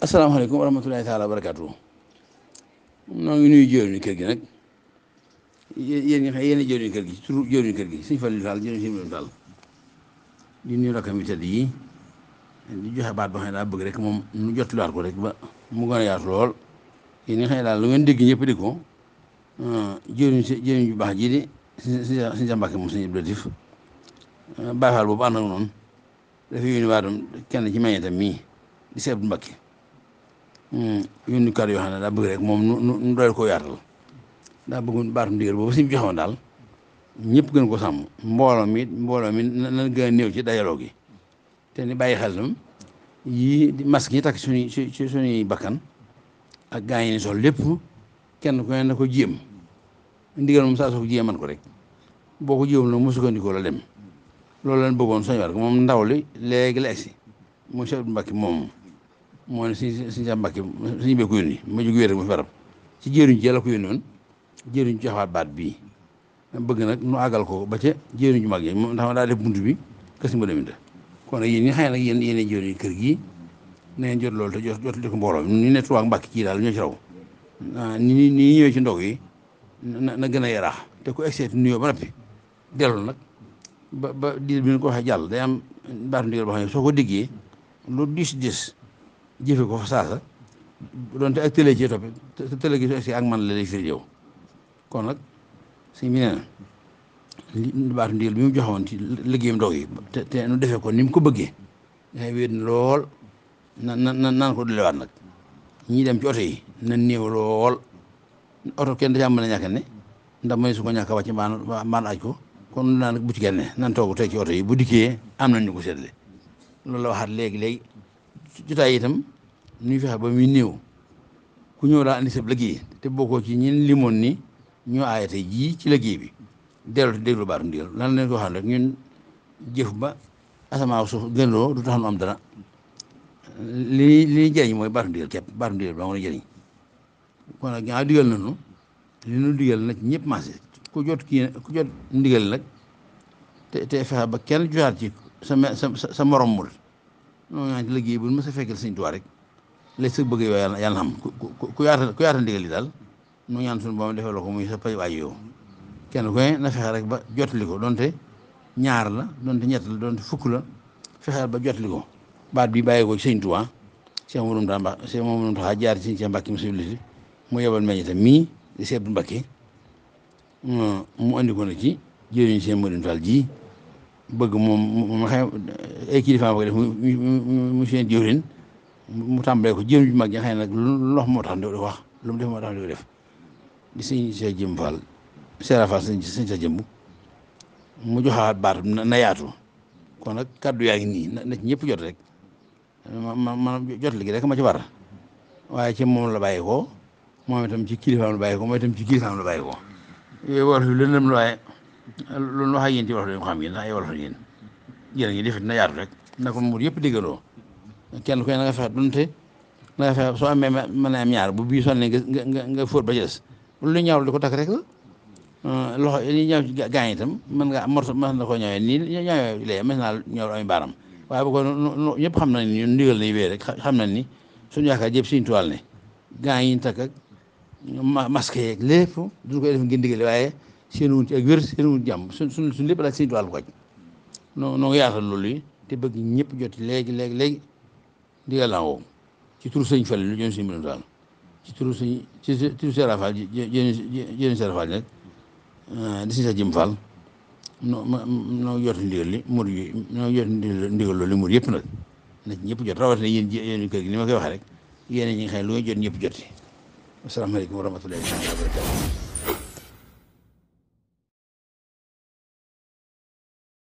asalaamaaleykum wa rahmatulahi taala wa barakaatu noo ngi nuyu jëriñu kër gi nag yéen ñi xam yéen a jëriñu kër gi ci turu jëriñu kër gi suñu Fallou Tall jëriñu suñu Tall di nuyu rakkam yi tëdd yi di joxe baat boo xam ne daa bëgg rek moom nu jot lu ko rek ba mu gën a yaatu lool yéen ñi xam ne daal lu ngeen dégg ñëpp di ko ah, jëriñu si jëriñu ju baax ji di suñu sa mbàkke moom suñu Abdou Latif ah, Baay Faal boobu ànd ak noonu dafa yónni waatam kenn ci meññeetam mii di Sëñ Abdou Mbacké hmm, yónni yoo xam ne daa bëgg rek moom nu nu doyal koo yaatal daa bëgg baatu ndigal boobu suñu joxoon daal ñëpp gën ko sàmm mbooloo mi mbooloo mi nan gën a néew ci dajaloo gi te ni bàyyi xel tam yii masque yi takk suñuy su suñuy bakkan ak gaa yi ni sol lépp kenn ku ne na ko jéem ndigal moom saa soo ko jéeman ko rek boo ko jéem la mu sukkandikoo la dem loolu lañ bëggoon soñu war moom ndaw li léegi la egsi mu Sëñ Abdou Mbacké moom moo si suñu suñu sa mbàkke suñu bee ko yónni ma jóg wéer rek ma fi barab ci jéeruñ ci yàlla ko yónni woon jéeruñ ci joxaat baat bii bëgg nag nu àggal ko ba ca jéeruñ ju mag yi moom ndax ma bunt bi kasi ma deminte kon nag yéen ñi xëy nag yéen yéen jéeruñ kër gi na ngeen jot loolu te jot jot ko mbooloo ñu ne tubaab mbàkk ci daal ñoo ci raw ah, ni ni ñëwee ci ndog yi na gën a yaraax te ku egseet nuyoo ba noppi dellu nag ba ba diir bi ñu ko waxee jàll day am baatu ndigal boo xam ne soo ko déggee lu diis diis jëfe ko fa saasa doonte ak télé ci toppe télé ki si ak man la lay firi yow kon nag sëñ bi nee na baatu ndigal bi mu joxoon ci liggéeyam dog yi te te nu defee ko ni mu ko bëggee dafay wéet lool na na naan ko dolewaat nag ñii dem ci oto yi na néew lool oto kenn da caa mën a ñàkk ne ndax mooy su ko ñàkk a wàcc mbaan aj ko kon naan bu ci kenn nan toog tey ci oto yi bu dikkee am nañ ñu ko seddale loolu la waxaat léegi léegi jotaay itam ñu fexe ba muy néew ku ñëw daal andi sab liggéey te boko ci ñin limoon ni ñoo aayate jii ci liggéey bi dellu déglu baatu ndigal lan leen ko waxaan rek ñun jëf ba asamaa suuf gënloo du tax nu am dara li li ñuy jëriñ mooy baatu ndigal képp baatu ndigal ba mën a jëriñ kon nag gaa digal nañu li nu digal nag ñëpp maase ku jot kii ku jot ndigal nag te te fexe ba kenn jotaat ci sa morom mu non ñaa liggéey bu ma sa fekkee sëñ Tuubaa rek lay sa bëgg yow yaa yàlla xam ku ku yaata ku daal nu ñaan suñu boom defee la ko muy sa pay waay kenn ku ne na fexe rek ba jotali ko donte ñaar la donte ñett la fukk la fexeel ba jotali ko baat bi bàyyi ko ci sëñ Tuubaa Cheikh Mouroum daa Mbacke Cheikh Mouroum taxa jaar ci Cheikh Mbacke monsieur mu yebal mu andi ko nag ci jëriñu Cheikh Mouroum Fall ji bëgg moom mu xam ay kilifa ma ko def mu seen jëwrin mu tàmbalee ko jëwrin ju mag ja xam ne nag lu lox moo tax di ko wax lu mu def moo tax di ko def di sëñ sa jëm faal seera faal sëñ mu joxaat baatu na yaatu kon nag kaddu yaa ngi nii na ci ñëpp jot rek ma ma ma jot ligi rek ma ci war waaye ci moom la bàyyi ko moom itam ci kilifaam la bàyyi ko moom ci kilifaam la bàyyi ko yooyu loolu wax ak yéen ci wolof la ñu xam yéen ndax a ngi def na yaatu rek na ko muur yëpp déggandoo kenn ku ne na nga fexe donte na nga fexe soo amee mën a am ñaar bu bii sonne nga nga nga fóot ba jës lu ñaaw di ko takk rek la euh, loxo li ñaaw ci gaañ itam mën ngaa morso mën na koo baaram waaye bu ko ñëpp xam nañ ni ndigal nañ wéy rek xam nañ ni suñu yaakaar jëpp suñu tuwaal ne gaañ yi ñu takk ak masque yeeg lépp duñ koy def ngeen digale waaye seen wuñ ci ak wér seen wuñ jàmm suñ suñ suñ lépp laaj seen wàllu koñ noo noo yaatal loolu yi te bëgg ñëpp jot léegi léegi léegi di yàlla woo ci turu sëñ Fall lu jëm suñu mbirum daal ci turu suñ ci turu Serap Fall jë jë jëriñ ah, di si sa jëm Fall noo ma noo jot ndigal li mur yi noo jot ndigal loolu mu yëpp nag na ci ñëpp jot rawatina yéen yéen kër gi ni ma koy waxee rek yéen ñi nga xam ne lu nga jot ñëpp jot asalaamaaleykum wa rahmatullahi wa barakatuh